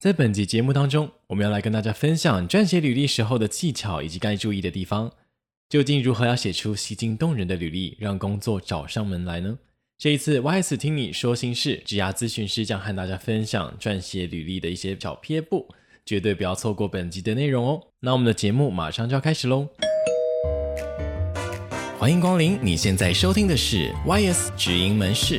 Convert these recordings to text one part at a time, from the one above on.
在本集節目當中，我們要來跟大家分享撰寫履歷時候的技巧以及該注意的地方。究竟如何要寫出吸睛動人的履歷，讓工作找上門來呢？這一次，Y S 聽你說新事，職涯諮詢師將和大家分享撰寫履歷的一些小撇步，絕對不要錯過本集的內容哦。那我們的節目馬上就要開始嘍，歡迎光臨，你現在收聽的是 Y S 職營門市。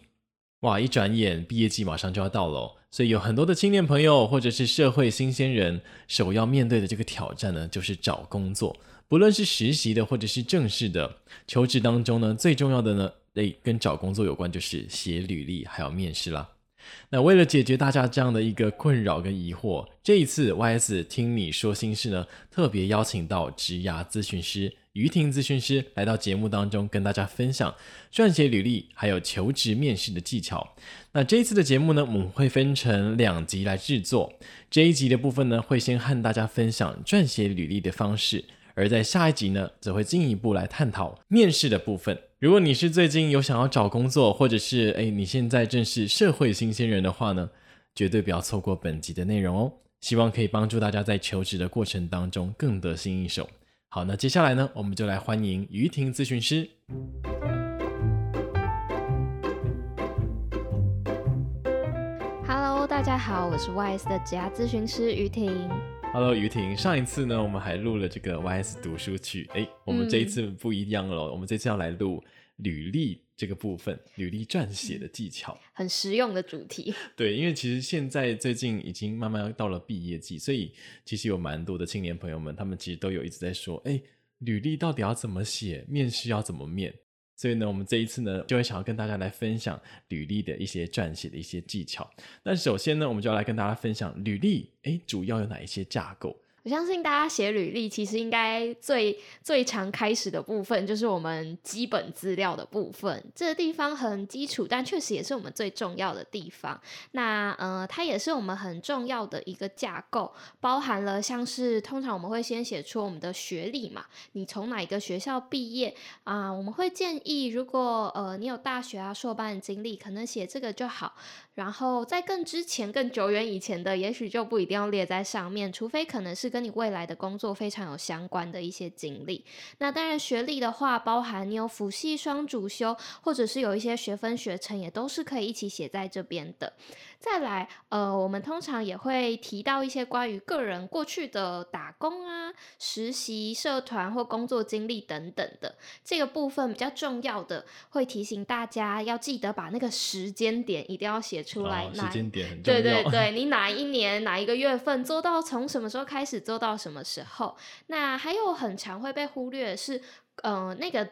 哇，一轉眼畢業季馬上就要到了哦，所以有很多的青年朋友或者是社會新鮮人，首要面對的這個挑戰呢，就是找工作。不論是實習的或者是正式的求職當中呢，最重要的呢，誒，跟找工作有關就是寫履歷還有面試啦。那為了解決大家這樣的一個困擾跟疑惑，這一次 YS 聽你說新事呢，特別邀請到職涯諮詢師妤庭諮詢師來到節目當中跟大家分享撰寫履歷還有求職面試的技巧。那這一次的節目呢，我們會分成兩集來製作。這一集的部分呢，會先和大家分享撰寫履歷的方式，而在下一集呢，則會進一步來探討面試的部分。如果你是最近有想要找工作，或者是哎，你現在正是社會新鮮人的話呢，絕對不要錯過本集的內容哦。希望可以幫助大家在求職的過程當中更得心應手。好，那接下來呢，我們就來歡迎妤庭諮詢師。Hello，大家好，我是 YS 的職涯諮詢師妤庭。Hello，妤庭，上一次呢，我們還錄了這個 YS 讀書劇，誒，我們這一次不一樣了，嗯、我們這次要來錄履歷這個部分，履歷撰寫的技巧，嗯、很實用的主題。對，因為其實現在最近已經慢慢到了畢業季，所以其實有蠻多的青年朋友們，他們其實都有一直在說，誒，履歷到底要怎麼寫？面試要怎麼面。所以呢，我們這一次呢，就會想要跟大家來分享履歷的一些撰寫的一些技巧。那首先呢，我們就要來跟大家分享履歷，欸，主要有哪一些架構？我相信大家寫履歷，其實應該最最常開始的部分就是我們基本資料的部分。這個地方很基礎，但確實也是我們最重要的地方。那呃，它也是我們很重要的一個架構，包含了像是通常我們會先寫出我們的學歷嘛，你從哪一個學校畢業啊，呃，我們會建議，如果呃你有大學啊碩班的經歷，可能寫這個就好。然後在更之前、更久遠以前的，也許就不一定要列在上面，除非可能是。跟你未來的工作非常有相關的一些經歷，那當然學歷的話，包含你有輔系雙主修，或者是有一些學分學程，也都是可以一起寫在這邊的。再來，呃，我們通常也會提到一些關於個人過去的打工啊、實習、社團或工作經歷等等的，這個部分比較重要的，會提醒大家要記得把那個時間點一定要寫出來。啊，時間點很重要，對對對，你哪一年哪一個月份做到，從什麼時候開始做到什麼時候。那還有很常會被忽略的是，呃，那個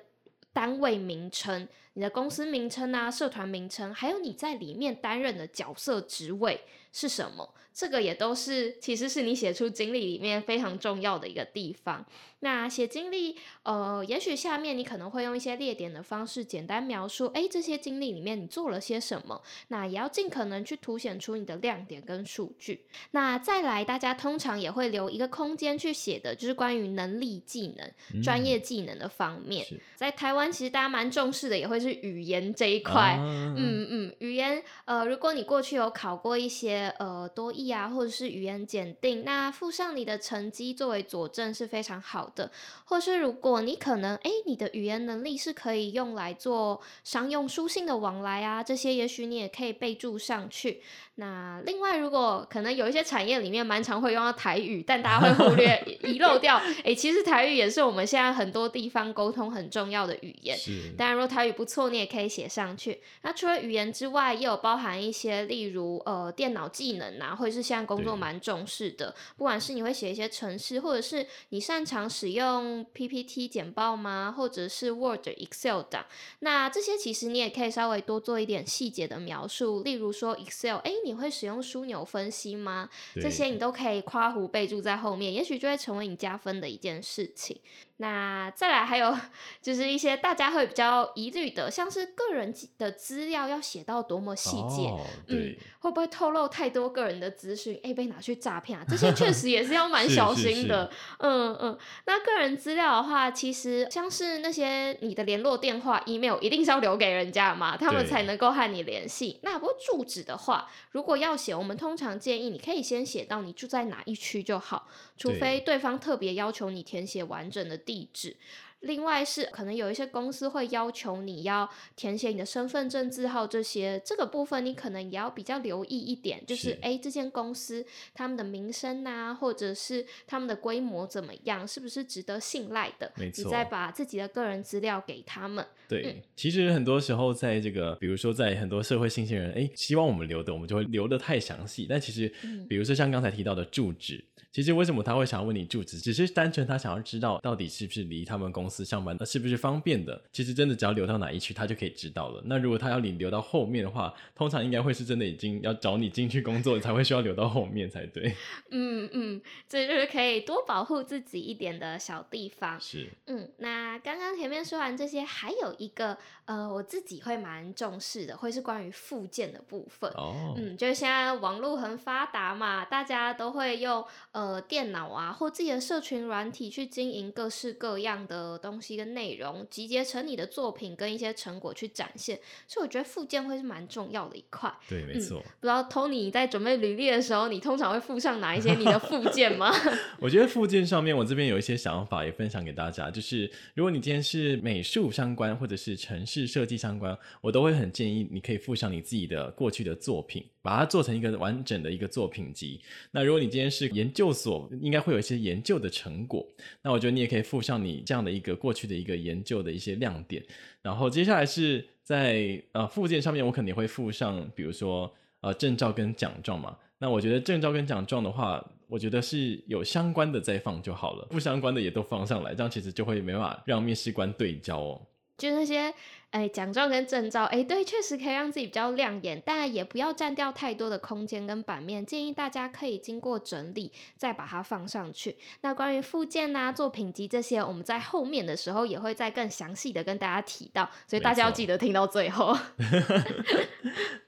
單位名稱。你的公司名稱啊，社團名稱，還有你在裡面擔任的角色職位是什麼？這個也都是，其實是你寫出經歷裡面非常重要的一個地方。那寫經歷，呃，也許下面你可能會用一些列點的方式簡單描述，哎、欸，這些經歷裡面你做了些什麼，那也要盡可能去凸顯出你的亮點跟數據。那再來，大家通常也會留一個空間去寫的，就是關於能力、技能、專、嗯、業技能的方面。是在台灣，其實大家蠻重視的，也會是語言這一塊。啊、嗯嗯，語言，呃，如果你過去有考過一些呃多益啊，或者是語言檢定，那附上你的成績作為佐證是非常好的。或是如果你可能，哎，你的語言能力是可以用來做商用書信的往來啊，這些也許你也可以備注上去。那另外，如果可能有一些產業裡面蠻常會用到台語，但大家會忽略 遺漏掉。哎、欸，其實台語也是我們現在很多地方溝通很重要的語言。當然是，如果台語不錯，你也可以寫上去。那除了語言之外，也有包含一些，例如呃電腦技能吶、啊，或者是現在工作蠻重視的，對不管是你會寫一些程式，或者是你擅長使用 PPT 簡報嗎，或者是 Word or、Excel 等。那這些其實你也可以稍微多做一點細節的描述，例如說 Excel，哎、欸。你會使用樞紐分析嗎？這些你都可以括弧備注在後面，對也許就會成為你加分的一件事情。那再來還有就是一些大家會比較疑慮的，像是個人的資料要寫到多麼細節，哦、嗯，會不會透露太多個人的資訊？哎，被拿去詐騙啊！這些確實也是要蠻小心的。 嗯嗯，那個人資料的話，其實像是那些你的聯絡電話、對 email，一定是要留給人家嘛，他們才能夠和你聯繫。對那不過住址的話，如果要寫，我們通常建議你可以先寫到你住在哪一區就好，除非對方特別要求你填寫完整的地址。另外是可能有一些公司會要求你要填寫你的身份證字號這些，這個部分你可能也要比較留意一點，就是哎是，這間公司他們的名聲吶、啊，或者是他們的規模怎麼樣，是不是值得信賴的？錯你再把自己的個人資料給他們。對，嗯、其實很多時候在這個，比如說在很多社會新鮮人，哎，希望我們留的，我們就會留的太詳細。但其實，嗯、比如說像剛才提到的住址，其實為什麼他會想要問你住址？只是單純他想要知道到底是不是離他們公。公司上班，那是不是方便的？其實真的只要留到哪一區，他就可以知道了。那如果他要你留到後面的話，通常應該會是真的已經要找你進去工作了，才會需要留到後面才對。嗯嗯，這就是可以多保護自己一點的小地方。是，嗯，那剛剛前面說完這些，還有一個呃，我自己會蠻重視的，會是關於附件的部分。哦，嗯，就是現在網絡很發達嘛，大家都會用呃電腦啊或自己的社群軟體去經營各式各樣的東西跟內容集結成你的作品跟一些成果去展現，所以我覺得附件會是蠻重要的一塊。對，沒錯，嗯。不知道 Tony，你在準備履歷的時候，你通常會附上哪一些你的附件嗎？ 我覺得附件上面，我這邊有一些想法也分享給大家，就是如果你今天是美術相關或者是城市設計相關，我都會很建議你可以附上你自己的過去的作品。把它做成一個完整的一個作品集。那如果你今天是研究所，應該會有一些研究的成果。那我覺得你也可以附上你這樣的一個過去的一個研究的一些亮點。然後接下來是在呃附件上面，我肯定會附上，比如說呃證照跟獎狀嘛。那我覺得證照跟獎狀的話，我覺得是有相關的再放就好了，不相關的也都放上來，這樣其實就會沒辦法讓面試官對焦哦。就那些，哎，獎狀跟證照，哎，對，確實可以讓自己比較亮眼，但也不要佔掉太多的空間跟版面。建議大家可以經過整理，再把它放上去。那關於附件吶、作品集這些，我們在後面的時候也會再更詳細的跟大家提到，所以大家要記得聽到最後。沒錯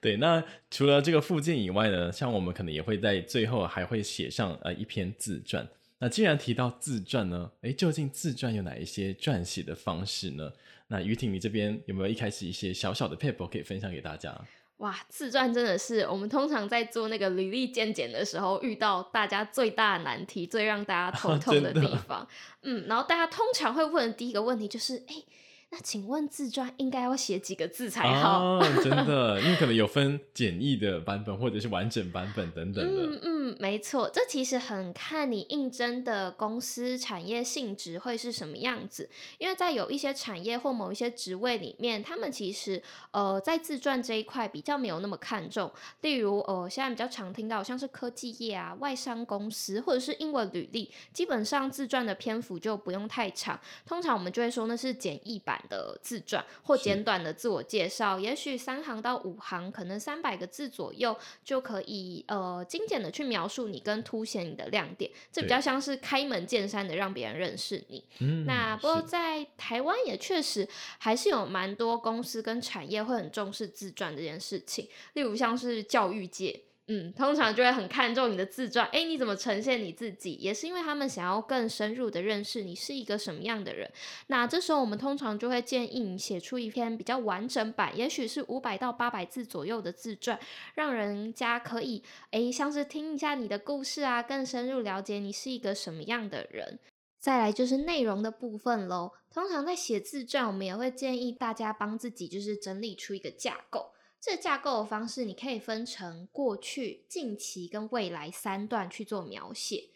對，那除了這個附件以外呢，像我們可能也會在最後還會寫上呃一篇自傳。那既然提到自傳呢，哎，究竟自傳有哪一些撰寫的方式呢？那妤庭，你這邊有沒有一開始一些小小的撇步可以分享給大家？哇，自傳真的是我們通常在做那個履歷健檢的時候，遇到大家最大難題、最讓大家頭痛的地方。啊、嗯，然後大家通常會問的第一個問題就是，欸那請問自傳應該要寫幾個字才好？哦，真的，因為可能有分簡易的版本或者是完整版本等等的。 嗯嗯，沒錯，這其實很看你應徵的公司產業性質會是什麼樣子。因為在有一些產業或某一些職位裡面，他們其實呃在自傳這一塊比較沒有那麼看重。例如呃現在比較常聽到像是科技業啊、外商公司或者是英文履歷，基本上自傳的篇幅就不用太長。通常我們就會說那是簡易版。的自傳或簡短的自我介紹，是也許三行到五行，可能三百個字左右就可以，呃，精簡的去描述你，跟凸顯你的亮點，對這比較像是開門見山的讓別人認識你。嗯，那不過在台灣也確實還是有蠻多公司跟產業會很重視自傳這件事情，例如像是教育界。嗯，通常就會很看重你的自傳，誒、欸，你怎麼呈現你自己？也是因為他們想要更深入的認識你是一個什麼樣的人。那這時候我們通常就會建議你寫出一篇比較完整版，也許是五百到八百字左右的自傳，讓人家可以誒、欸，像是聽一下你的故事啊，更深入了解你是一個什麼樣的人。再來就是內容的部分嘍。通常在寫自傳，我們也會建議大家幫自己就是整理出一個架構。這架構的方式，你可以分成過去、近期跟未來三段去做描寫。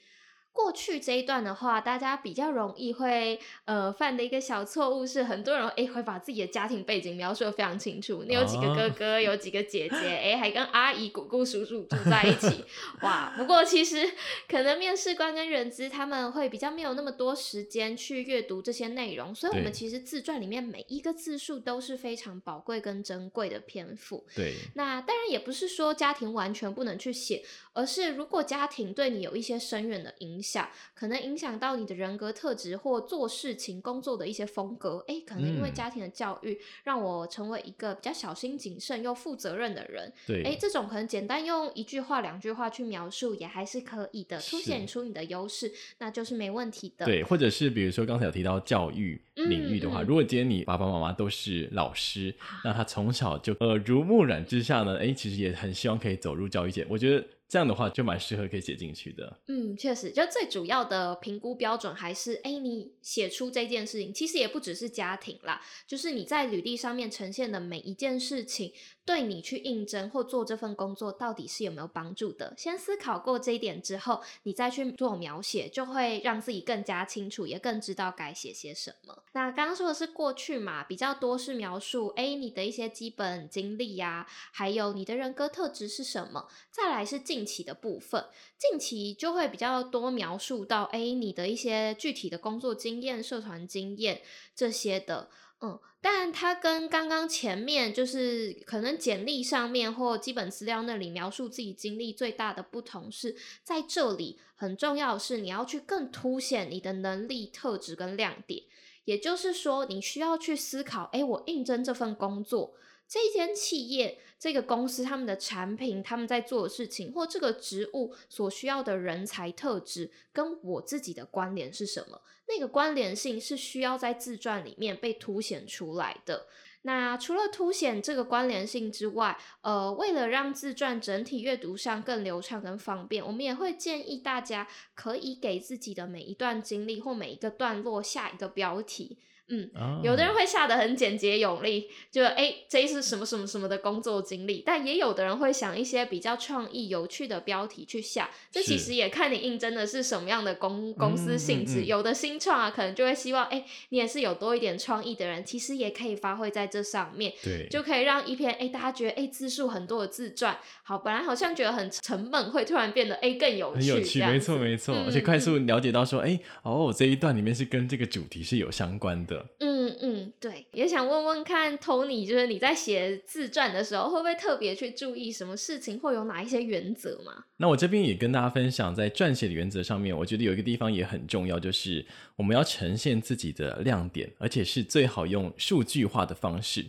過去這一段的話，大家比較容易會呃犯的一個小錯誤是，很多人誒、欸、會把自己的家庭背景描述的非常清楚，你有幾個哥哥，啊、有幾個姐姐，誒、欸，還跟阿姨、姑姑、叔叔住在一起， 哇！不過其實可能面試官跟人資他們會比較沒有那麼多時間去閱讀這些內容，所以我們其實自傳裡面每一個字數都是非常寶貴跟珍貴的篇幅。對，那當然也不是說家庭完全不能去寫，而是如果家庭對你有一些深遠的影響。下可能影響到你的人格特質或做事情、工作的一些風格。哎、欸，可能因為家庭的教育，讓我成為一個比較小心謹慎又負責任的人。對，哎、欸，這種可能簡單用一句話、兩句話去描述也還是可以的，凸顯是出，出你的優勢，那就是沒問題的。對，或者是比如說剛才有提到教育領域的話，嗯、如果今天你爸爸媽媽都是老師，嗯、那他從小就耳濡、呃、目染之下呢，哎、欸，其實也很希望可以走入教育界。我覺得。這樣的話就蠻適合可以寫進去的。嗯，確實，就最主要的評估標準還是，哎，你寫出這件事情，其實也不只是家庭啦，就是你在履歷上面呈現的每一件事情，對你去應徵或做這份工作到底是有沒有幫助的。先思考過這一點之後，你再去做描寫，就會讓自己更加清楚，也更知道該寫些什麼。那剛剛說的是過去嘛，比較多是描述，哎，你的一些基本經歷呀、啊，還有你的人格特質是什麼，再來是進。近期的部分，近期就會比較多描述到，欸，你的一些具體的工作經驗、社團經驗這些的，嗯，但它跟剛剛前面就是可能簡歷上面或基本資料那裡描述自己經歷最大的不同是在這裡，很重要的是你要去更凸顯你的能力、特質跟亮點，也就是說，你需要去思考，欸，我應徵這份工作，這一間企業、這個公司、他們的產品、他們在做的事情，或這個職務所需要的人才特質，跟我自己的關聯是什麼？那個關聯性是需要在自傳裡面被凸顯出來的。那除了凸顯這個關聯性之外，呃，為了讓自傳整體閱讀上更流暢跟方便，我們也會建議大家可以給自己的每一段經歷或每一個段落下一個標題。嗯，啊、有的人會下得很簡潔有力，就哎、欸，這是什麼什麼什麼的工作經歷。但也有的人會想一些比較創意有趣的標題去下，這其實也看你應徵的是什麼樣的公、嗯、公司性質。嗯嗯、有的新創啊，可能就會希望哎、欸，你也是有多一點創意的人，其實也可以發揮在這上面，對，就可以讓一篇哎、欸、大家覺得哎、欸、字數很多的自傳，好，本來好像覺得很沉悶，會突然變得哎、欸、更有趣，很有趣，沒錯沒錯，沒錯，嗯、而且快速了解到說哎、欸、哦這一段裡面是跟這個主題是有相關的。嗯嗯，對，也想問問看，妤庭，就是你在寫自傳的時候，會不會特別去注意什麼事情，會有哪一些原則嘛？那我這邊也跟大家分享，在撰寫的原則上面，我覺得有一個地方也很重要，就是我們要呈現自己的亮點，而且是最好用數據化的方式。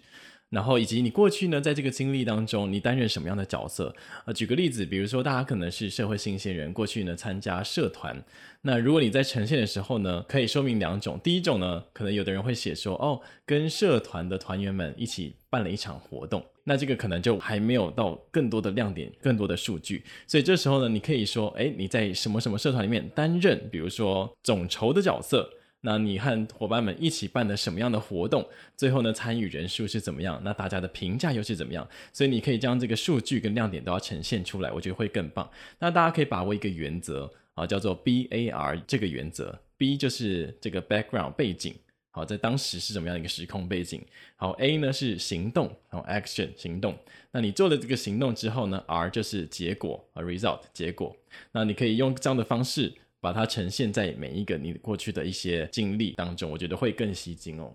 然後以及你過去呢，在這個經歷當中，你擔任什麼樣的角色？呃，舉個例子，比如說大家可能是社會新鮮人，過去呢參加社團。那如果你在呈現的時候呢，可以說明兩種。第一種呢，可能有的人會寫說，哦，跟社團的團員們一起辦了一場活動。那這個可能就還沒有到更多的亮點、更多的數據。所以這時候呢，你可以說，哎，你在什麼什麼社團裡面擔任，比如說總籌的角色。那你和夥伴們一起辦的什麼樣的活動？最後呢，參與人數是怎麼樣？那大家的評價又是怎麼樣？所以你可以將這個數據跟亮點都要呈現出來，我覺得會更棒。那大家可以把握一個原則啊，叫做 BAR 這個原則。B 就是這個 background 背景，好、啊，在當時是怎麼樣一個時空背景。好，A 呢是行動，然後、啊、action 行動。那你做了這個行動之後呢，R 就是結果、啊，result 結果。那你可以用這樣的方式。把它呈現在每一個你過去的一些經歷當中，我覺得會更吸睛哦。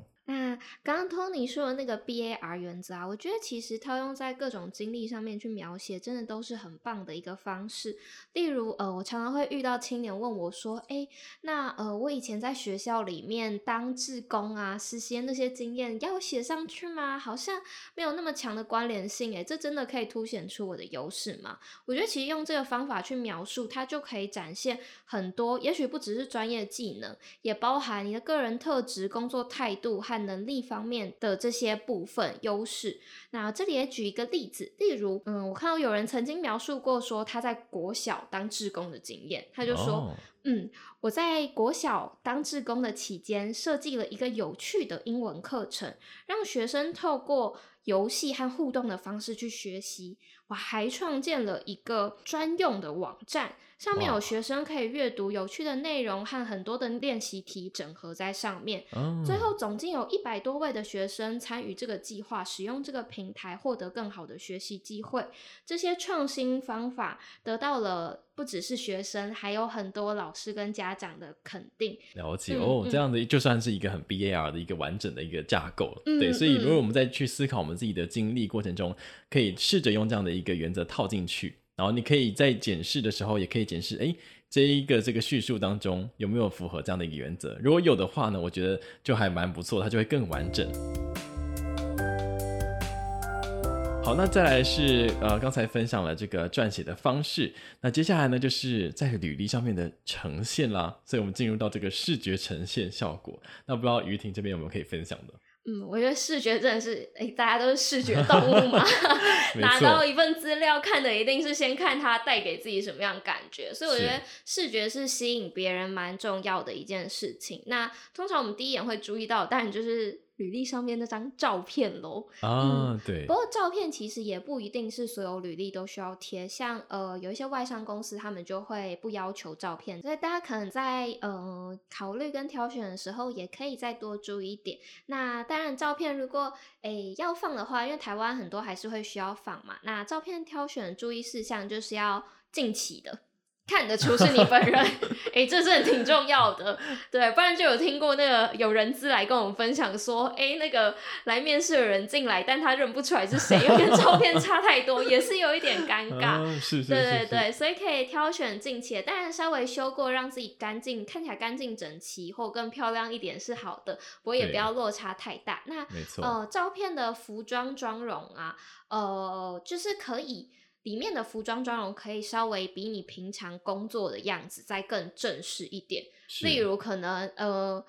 剛剛 Tony 說的那個 BAR 原則啊，我覺得其實套用在各種經歷上面去描寫，真的都是很棒的一個方式。例如，呃，我常常會遇到青年問我說：“哎，那呃，我以前在學校裡面當志工啊、實習那些經驗，要寫上去嗎？好像沒有那麼強的關聯性、欸，哎，這真的可以凸顯出我的優勢嗎？”我覺得其實用這個方法去描述，它就可以展現很多，也許不只是專業技能，也包含你的個人特質、工作態度和能力。一方面的這些部分優勢，那這裡也舉一個例子，例如，嗯，我看到有人曾經描述過說他在國小當志工的經驗，他就說，Oh. 嗯，我在國小當志工的期間，設計了一個有趣的英文課程，讓學生透過遊戲和互動的方式去學習，我還創建了一個專用的網站。上面有學生可以閱讀有趣的內容和很多的練習題整合在上面。哦、最後，總計有一百多位的學生參與這個計劃，使用這個平台獲得更好的學習機會。這些創新方法得到了不只是學生，還有很多老師跟家長的肯定。了解、嗯、哦，這樣的就算是一個很 B A R 的一個完整的一個架構。嗯、對，嗯、所以如果我們再去思考我們自己的經歷過程中，可以試着用這樣的一個原則套進去。然後你可以在檢視的時候，也可以檢視，哎，這一個這個敘述當中有沒有符合這樣的一個原則？如果有的話呢，我覺得就還蠻不錯，它就會更完整。好，那再來是呃剛才分享了這個撰寫的方式，那接下來呢就是在履歷上面的呈現啦，所以我們進入到這個視覺呈現效果。那不知道妤庭這邊有沒有可以分享的？嗯，我覺得視覺真的是，誒，大家都是視覺動物嘛， 拿到一份資料看的一定是先看它帶給自己什麼樣感覺，所以我覺得視覺是吸引別人蠻重要的一件事情。是那通常我們第一眼會注意到，但就是。履歷上面那張照片嘍啊，嗯、對。不過照片其實也不一定是所有履歷都需要貼，像呃有一些外商公司他們就會不要求照片，所以大家可能在呃考慮跟挑選的時候也可以再多注意一點。那當然照片如果哎、欸、要放的話，因為台灣很多還是會需要放嘛。那照片挑選的注意事項就是要近期的。看得出是你本人，哎， 這是挺重要的，對，不然就有聽過那個有人資來跟我們分享說，哎，那個來面試的人進來，但他認不出來是誰， 又跟照片差太多，也是有一點尷尬，是是是，對對對，所以可以挑選近期的，但稍微修過，讓自己乾淨，看起來乾淨整齊或更漂亮一點是好的，不過也不要落差太大。對那沒錯，呃，照片的服裝妝容啊，呃，就是可以。裡面的服裝妝容可以稍微比你平常工作的樣子再更正式一點，是例如可能呃。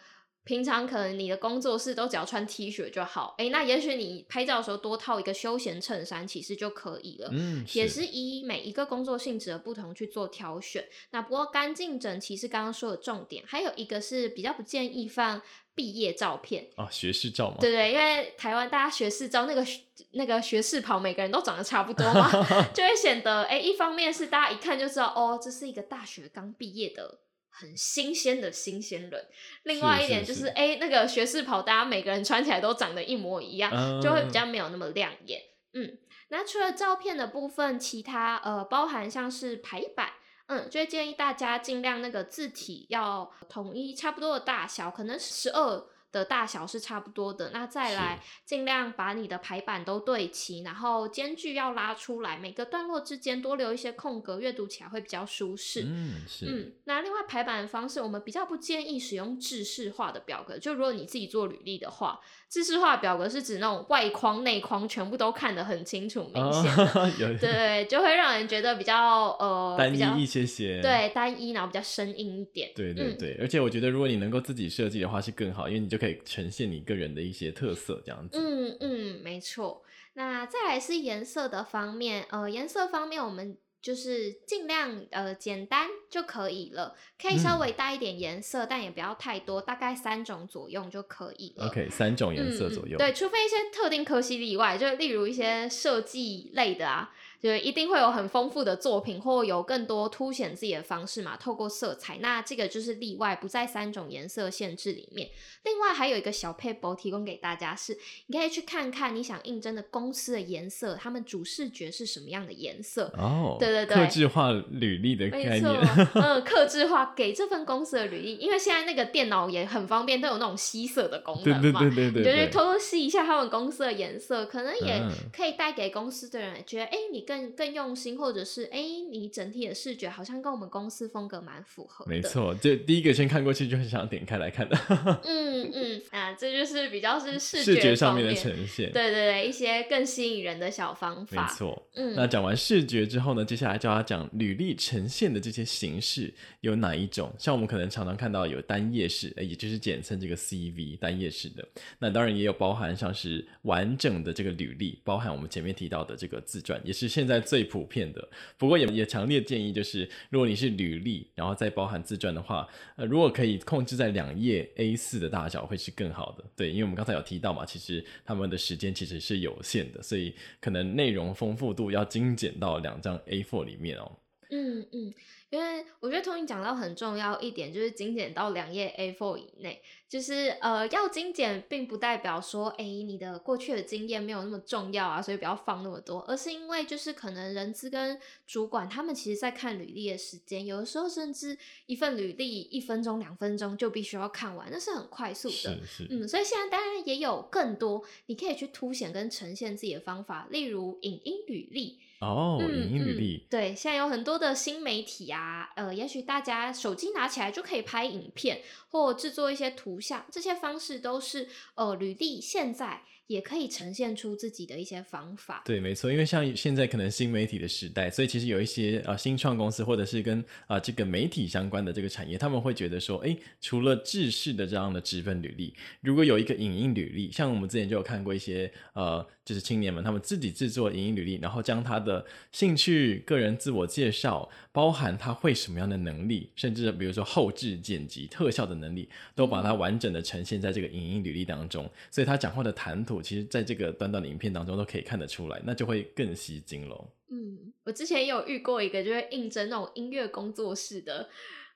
平常可能你的工作室都只要穿 T 恤就好，哎、欸，那也許你拍照的時候多套一個休閒襯衫其實就可以了，嗯、是也是以每一個工作性質的不同去做挑選。那不過乾淨整齊是剛剛說的重點，還有一個是比較不建議放畢業照片啊，學士照嗎？對對，因為台灣大家學士照那個學那個學士袍每個人都長得差不多嘛， 就會顯得哎、欸，一方面是大家一看就知道哦，這是一個大學剛畢業的。很新鮮的新鮮人，另外一點就是，哎是、欸，那個學士袍，大家每個人穿起來都長得一模一樣，就會比較沒有那麼亮眼。Uh、嗯，那除了照片的部分，其他呃，包含像是排版，嗯，就會建議大家盡量那個字體要統一，差不多的大小，可能十二。的大小是差不多的，那再來盡量把你的排版都對齊，是然後間距要拉出來，每個段落之間多留一些空格，閱讀起來會比較舒適。嗯，是。嗯，那另外排版的方式，我們比較不建議使用制式化的表格。就如果你自己做履歷的話，制式化表格是指那種外框內框全部都看得很清楚、哦、明顯， 有對，就會讓人覺得比較呃單一一些些，對，單一，然後比較生硬一點。對對對，嗯、而且我覺得如果你能夠自己設計的話是更好，因為你就。可以呈現你個人的一些特色，這樣子。嗯嗯，沒錯。那再來是顏色的方面，呃，顏色方面我們就是盡量呃簡單就可以了，可以稍微帶一點顏色，嗯、但也不要太多，大概三種左右就可以了。OK，三種顏色左右、嗯嗯。對，除非一些特定科系以外，就例如一些設計類的啊。對，一定會有很豐富的作品，或有更多凸顯自己的方式嘛，透過色彩。那這個就是例外，不在三種顏色限制裡面。另外還有一個小撇步提供給大家是，你可以去看看你想應徵的公司的顏色，他們主視覺是什麼樣的顏色。哦，oh, 對對對，客製化履歷的概念， 嗯，客製化給這份公司的履歷，因為現在那個電腦也很方便，都有那種吸色的功能嘛。對對對，對，對對對，就是偷偷吸一下他們公司的顏色，可能也可以帶給公司的人覺得，哎、啊欸，你跟更更用心，或者是哎、欸，你整體的視覺好像跟我們公司風格蠻符合的。沒錯，就第一個先看過去就很想點開來看的。 嗯嗯，啊，這就是比較是視覺方面，視覺上面的呈現。對對對，一些更吸引人的小方法。沒錯，嗯。那講完視覺之後呢，接下來就要講履歷呈現的這些形式有哪一種？像我們可能常常看到有單頁式，也就是簡稱這個 CV 單頁式的。那當然也有包含像是完整的這個履歷，包含我們前面提到的這個自傳，也是現。現在最普遍的，不過也也強烈建議，就是如果你是履歷，然後再包含自傳的話，呃，如果可以控制在兩頁 A 四的大小，會是更好的。對，因為我們剛才有提到嘛，其實他們的時間其實是有限的，所以可能內容豐富度要精簡到兩張 A four 裡面哦、喔嗯。嗯嗯。因為我覺得妤庭講到很重要一點，就是精簡到兩頁 A4 以內。就是呃，要精簡，並不代表說，哎、欸，你的過去的經驗沒有那麼重要啊，所以不要放那麼多。而是因為，就是可能人資跟主管他們其實在看履歷的時間，有的時候甚至一份履歷一分鐘、兩分鐘就必須要看完，那是很快速的。是是嗯，所以現在當然也有更多你可以去凸顯跟呈現自己的方法，例如影音履歷。哦，oh, 嗯、影音履歷、嗯。對，現在有很多的新媒體啊，呃，也許大家手機拿起來就可以拍影片或制作一些圖像，這些方式都是呃履歷現在。也可以呈現出自己的一些方法。對，沒錯，因為像現在可能新媒體的時代，所以其實有一些呃新創公司或者是跟啊、呃、這個媒體相關的這個產業，他們會覺得說，哎，除了制式的這樣的紙本履歷，如果有一個影音履歷，像我們之前就有看過一些呃，就是青年們他們自己制作影音履歷，然後將他的興趣、個人自我介紹，包含他會什麼樣的能力，甚至比如說後製剪輯、特效的能力，都把它完整的呈現在這個影音履歷當中，所以他講話的談吐。其實在這個短短的影片當中都可以看得出來，那就會更吸睛嘍。嗯，我之前也有遇過一個，就是應徵那種音樂工作室的，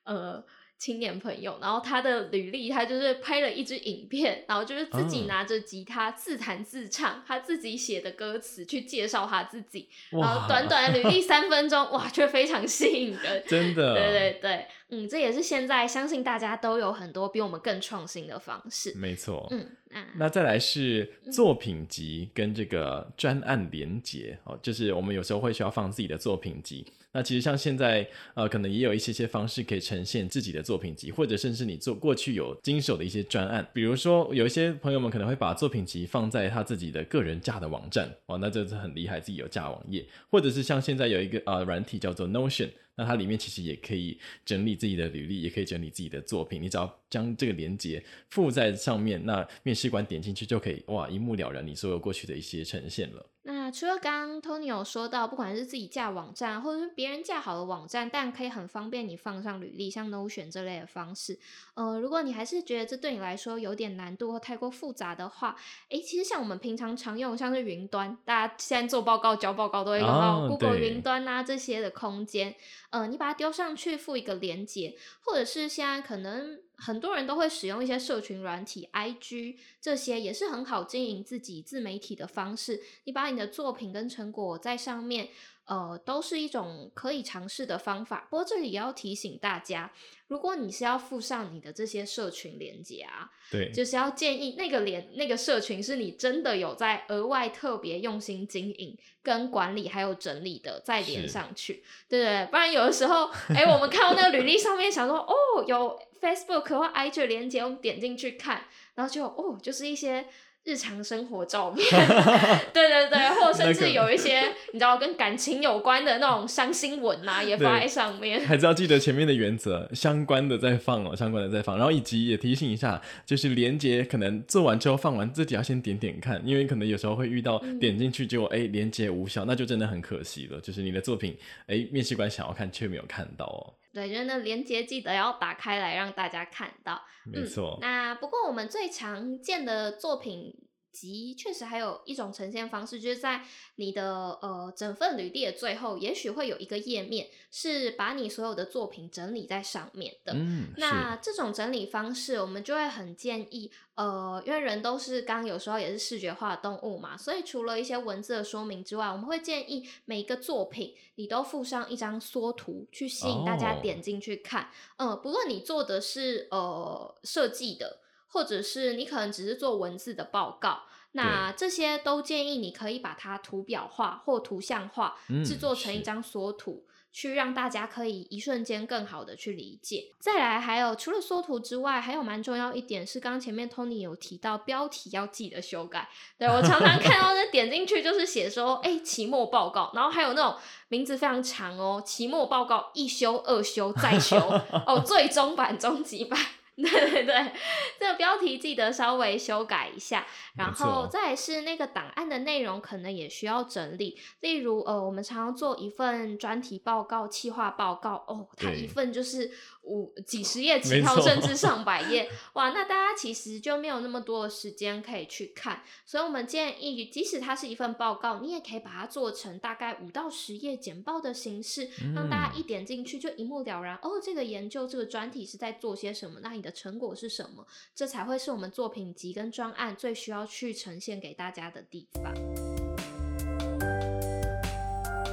呃。青年朋友，然後他的履歷，他就是拍了一支影片，然後就是自己拿着吉他自彈自唱，嗯、他自己寫的歌詞去介紹他自己，哇然後短短的履歷三分鐘， 哇，卻非常吸引人，真的，對對對，嗯，這也是現在相信大家都有很多比我們更創新的方式，沒錯錯，嗯，那再來是作品集跟這個專案連結哦，嗯、就是我們有時候會需要放自己的作品集。那其實像現在，呃，可能也有一些些方式可以呈現自己的作品集，或者甚至你做過去有經手的一些專案，比如說有一些朋友們可能會把作品集放在他自己的個人架的網站，哇，那這是很厲害，自己有架網頁，或者是像現在有一個啊軟體，叫做 Notion，那它裡面其實也可以整理自己的履歷，也可以整理自己的作品，你只要將這個連接附在上面，那面試官點進去就可以，哇，一目了然你所有過去的一些呈現了。啊、除了剛剛 Tony 有說到，不管是自己架網站，或者是別人架好的網站，但可以很方便你放上履歷，像 Notion 這類的方式。呃，如果你還是覺得這對你來說有點難度或太過複雜的話，誒其實像我們平常常用，像是雲端，大家現在做報告、交報告都會用到、哦、Google 雲端啊對這些的空間。呃，你把它丟上去，附一個連接，或者是現在可能。很多人都會使用一些社群軟體，IG，這些也是很好經營自己自媒體的方式。你把你的作品跟成果在上面。呃，都是一種可以嘗試的方法。不過這裡也要提醒大家，如果你是要附上你的這些社群連結啊，對就是要建議那個連那個社群是你真的有在額外特別用心經營跟管理還有整理的，再連上去，是對不對？不然有的時候，哎，我們看到那個履歷上面， 想說哦，有 Facebook 或 IG、er、連結，我們點進去看，然後就哦，就是一些。日常生活照片， 對，對對對， 或甚至有一些你知道跟感情有關的那種傷心文啊，也發在上面。 還是要記得前面的原則，相關的再放哦、喔，相關的再放。然後以及也提醒一下，就是連結可能做完之後放完，自己要先點點看，因為可能有時候會遇到點進去就哎連結無效，那就真的很可惜了，就是你的作品哎、欸、面試官想要看卻沒有看到哦、喔。對，就那連接記得要打開來，讓大家看到。沒錯。嗯。那不過我們最常見的作品。即確實還有一種呈現方式，就是在你的呃整份履歷的最後，也許會有一個頁面是把你所有的作品整理在上面的。嗯、那是這種整理方式，我們就會很建議，呃，因為人都是剛有時候也是視覺化的動物嘛，所以除了一些文字的說明之外，我們會建議每一個作品你都附上一張縮圖，去吸引大家點進去看。嗯、哦呃，不論你做的是呃設計的。或者是你可能只是做文字的報告，那這些都建議你可以把它圖表化或圖像化，製、嗯、作成一張縮圖，是去讓大家可以一瞬間更好的去理解。再來還有除了縮圖之外，還有蠻重要一點是，剛前面 Tony 有提到標題要記得修改。對，我常常看到那點進去就是寫說，哎、 欸，期末報告，然後還有那種名字非常長哦，期末報告一修二修再修 哦，最終版終極版。 對對對，這個標題記得稍微修改一下，然後再是那個檔案的內容可能也需要整理，例如呃，我們常常做一份專題報告、企劃報告，哦，它一份就是。五幾十頁，幾套沒錯 甚至上百頁，哇！那大家其實就沒有那麼多的時間可以去看，所以我們建議，即使它是一份報告，你也可以把它做成大概五到十頁簡報的形式，讓大家一點進去就一目了然。嗯、哦，這個研究這個專題是在做些什麼？那你的成果是什麼？這才會是我們作品集跟專案最需要去呈現給大家的地方。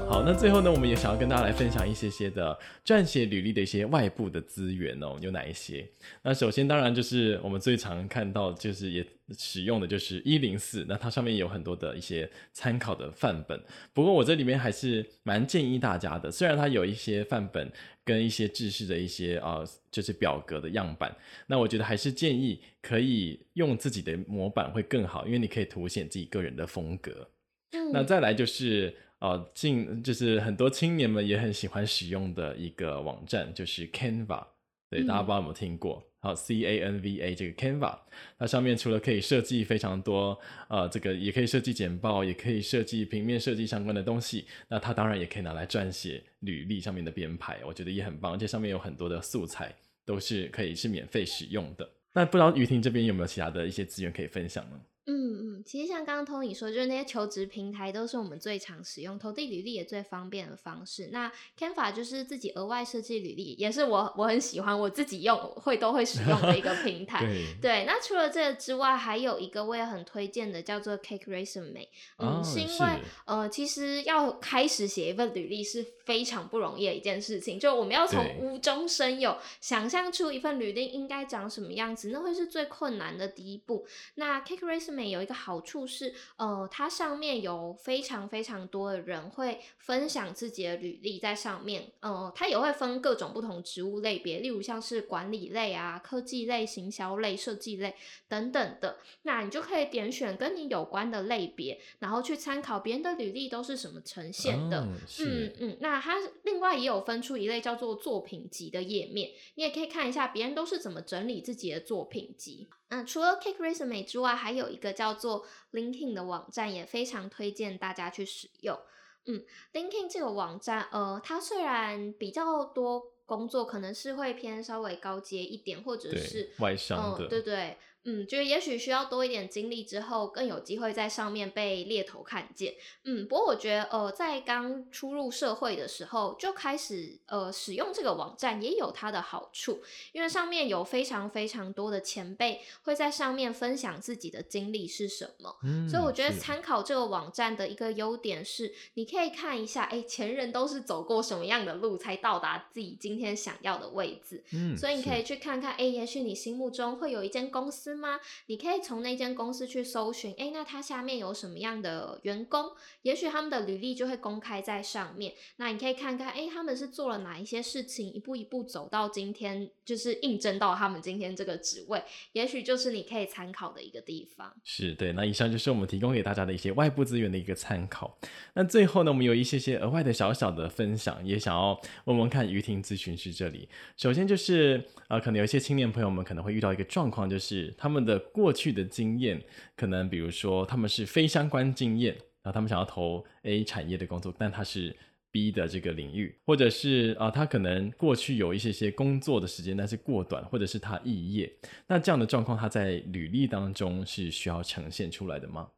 好，那最後呢，我們也想要跟大家來分享一些些的撰寫履歷的一些外部的資源哦，有哪一些？那首先當然就是我們最常看到，就是也使用的就是104，那它上面有很多的一些參考的範本。不過我這裡面還是蠻建議大家的，雖然它有一些範本跟一些制式的一些啊、呃，就是表格的樣板，那我覺得還是建議可以用自己的模板會更好，因為你可以凸顯自己個人的風格。嗯，那再來就是。啊，近就是很多青年們也很喜歡使用的一個網站，就是 Canva。對，大家不知道有沒有聽過？好，嗯，啊，C A N V A 這個 Canva，它上面除了可以設計非常多，呃，這個也可以設計簡報，也可以設計平面設計相關的東西。那它當然也可以拿來撰寫履歷上面的編排，我覺得也很棒。這上面有很多的素材都是可以是免費使用的。那不知道妤庭這邊有沒有其他的一些資源可以分享呢？嗯嗯，其實像剛剛 Tony 說，就是那些求職平台都是我們最常使用、投遞履歷也最方便的方式。那 Canva 就是自己額外設計履歷，也是我我很喜歡、我自己用會都會使用的一個平台。 對，對。那除了這個之外，還有一個我也很推薦的，叫做 Cake Resume 嗯，oh, 是因為是呃，其實要開始寫一份履歷是非常不容易的一件事情，就我們要從無中生有，對想象出一份履歷應該長什麼樣子，那會是最困難的第一步。那 Cake Resume 有一個好處是，呃，它上面有非常非常多的人會分享自己的履歷在上面，呃，它也會分各種不同職務類別，例如像是管理類啊、科技類、行銷類、設計類等等的，那你就可以點選跟你有關的類別，然後去參考別人的履歷都是什麼呈現的。哦、嗯嗯，那它另外也有分出一類叫做作品集的頁面，你也可以看一下別人都是怎麼整理自己的作品集。嗯、呃，除了 Kick Resume 之外，還有一個叫做 LinkedIn 的網站，也非常推薦大家去使用。嗯，LinkedIn 這個網站，呃，它雖然比較多工作，可能是會偏稍微高階一點，或者是外商的、呃，對對，對。嗯，覺得也許需要多一點經歷之後，更有機會在上面被獵頭看見。嗯，不過我覺得，呃，在剛出入社會的時候就開始，呃，使用這個網站也有它的好處，因為上面有非常非常多的前輩會在上面分享自己的經歷是什麼，嗯，所以我覺得參考這個網站的一個優點是，是。你可以看一下，哎，欸，前人都是走過什麼樣的路才到達自己今天想要的位置，嗯，所以你可以去看看，哎，是，欸，也許你心目中會有一間公司。是嗎？你可以從那間公司去搜尋，哎、欸，那它下面有什麼樣的員工？也許他們的履歷就會公開在上面。那你可以看看，哎、欸，他們是做了哪一些事情，一步一步走到今天，就是應徵到他們今天這個職位，也許就是你可以參考的一個地方。是對。那以上就是我們提供給大家的一些外部資源的一個參考。那最後呢，我們有一些些額外的小小的分享，也想要問問看妤庭諮詢師這裡。首先就是，啊、呃，可能有一些青年朋友們可能會遇到一個狀況，就是。他們的過去的經驗，可能比如說他們是非相關經驗，然後他們想要投 A 產業的工作，但他是 B 的這個領域，或者是啊，他可能過去有一些些工作的時間，但是過短，或者是他肄業，那這樣的狀況，他在履歷當中是需要呈現出來的嗎？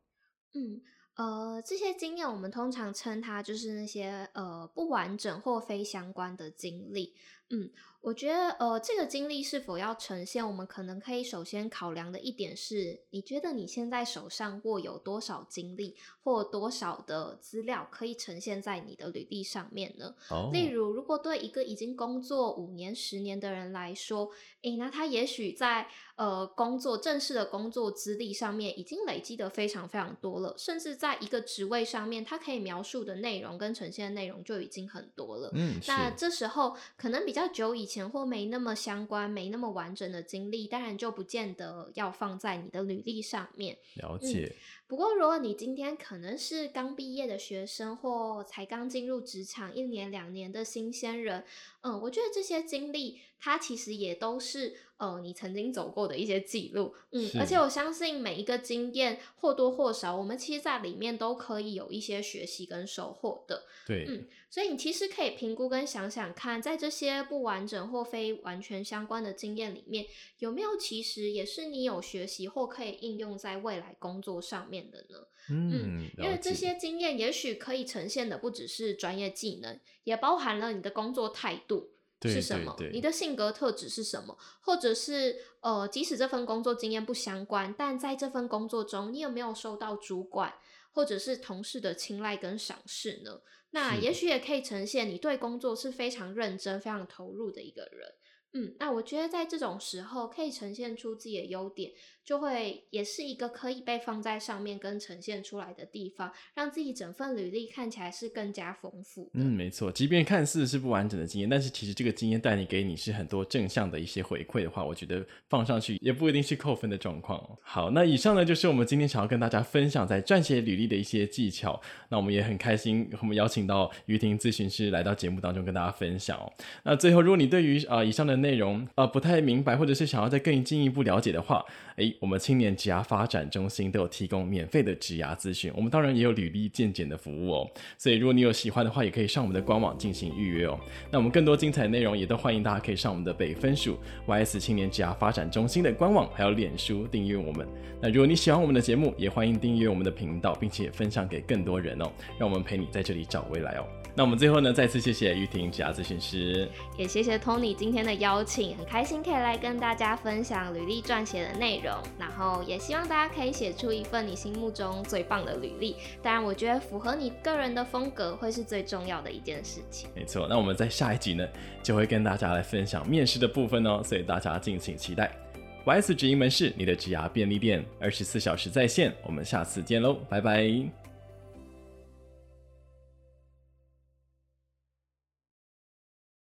嗯，呃，這些經驗我們通常稱它就是那些呃不完整或非相關的經歷，嗯。我覺得，呃，這個經歷是否要呈現，我們可能可以首先考量的一點是，你覺得你現在手上握有多少經歷或多少的資料可以呈現在你的履歷上面呢？哦。Oh. 例如，如果對一個已經工作五年、十年的人來說，誒、欸，那他也許在呃工作正式的工作資歷上面已經累積得非常非常多了，甚至在一個職位上面，他可以描述的內容跟呈現的內容就已經很多了。嗯。那這時候可能比較久以前。或沒那麼相關、沒那麼完整的經歷，當然就不見得要放在你的履歷上面。了解。嗯，不過，如果你今天可能是剛畢業的學生，或才剛進入職場一年、兩年的新鮮人，嗯，我覺得這些經歷。它其實也都是呃，你曾經走過的一些記錄，嗯，是而且我相信每一個經驗或多或少，我們其實在裡面都可以有一些學習跟收穫的，對，嗯，所以你其實可以評估跟想想看，在這些不完整或非完全相關的經驗裡面，有沒有其實也是你有學習或可以應用在未來工作上面的呢？嗯，嗯因為這些經驗也許可以呈現的不只是專業技能，也包含了你的工作態度，是什麼？對對對。你的性格特質是什麼？或者是呃，即使這份工作經驗不相關，但在這份工作中，你有沒有受到主管或者是同事的青睞跟賞識呢？那也許也可以呈現你對工作是非常認真、非常投入的一個人。嗯，那我覺得在這種時候可以呈現出自己的優點，就會也是一個可以被放在上面跟呈現出來的地方，讓自己整份履歷看起來是更加豐富。嗯，沒錯，即便看似是不完整的經驗，但是其實這個經驗帶你給你是很多正向的一些回饋的話，我覺得放上去也不一定是扣分的狀況哦。好，那以上呢就是我們今天想要跟大家分享在撰寫履歷的一些技巧。那我們也很開心，我們邀請到妤庭諮詢師來到節目當中跟大家分享哦。那最後，如果你對於啊、呃、以上的內容啊、呃、不太明白，或者是想要再更進一步了解的話，誒。我們青年職涯發展中心都有提供免費的職涯諮詢，我們當然也有履歷健檢的服務哦。所以如果你有喜歡的話，也可以上我們的官網進行預約哦。那我們更多精彩內容，也都歡迎大家可以上我們的北分署 YS 青年職涯發展中心的官網，還有臉書訂閱我們。那如果你喜歡我們的節目，也歡迎訂閱我們的頻道，並且分享給更多人哦。讓我們陪你在這裡找未來哦。那我們最後呢，再次謝謝妤庭職涯諮詢師，也謝謝 Tony 今天的邀請，很開心可以來跟大家分享履歷撰寫的內容。然後也希望大家可以寫出一份你心目中最棒的履歷。當然，我覺得符合你個人的風格會是最重要的一件事情。沒錯，那我們在下一集呢，就會跟大家來分享面試的部分哦，所以大家敬請期待。YS 職營門市，你的職涯便利店，二十四小時在線。我們下次見嘍，拜拜。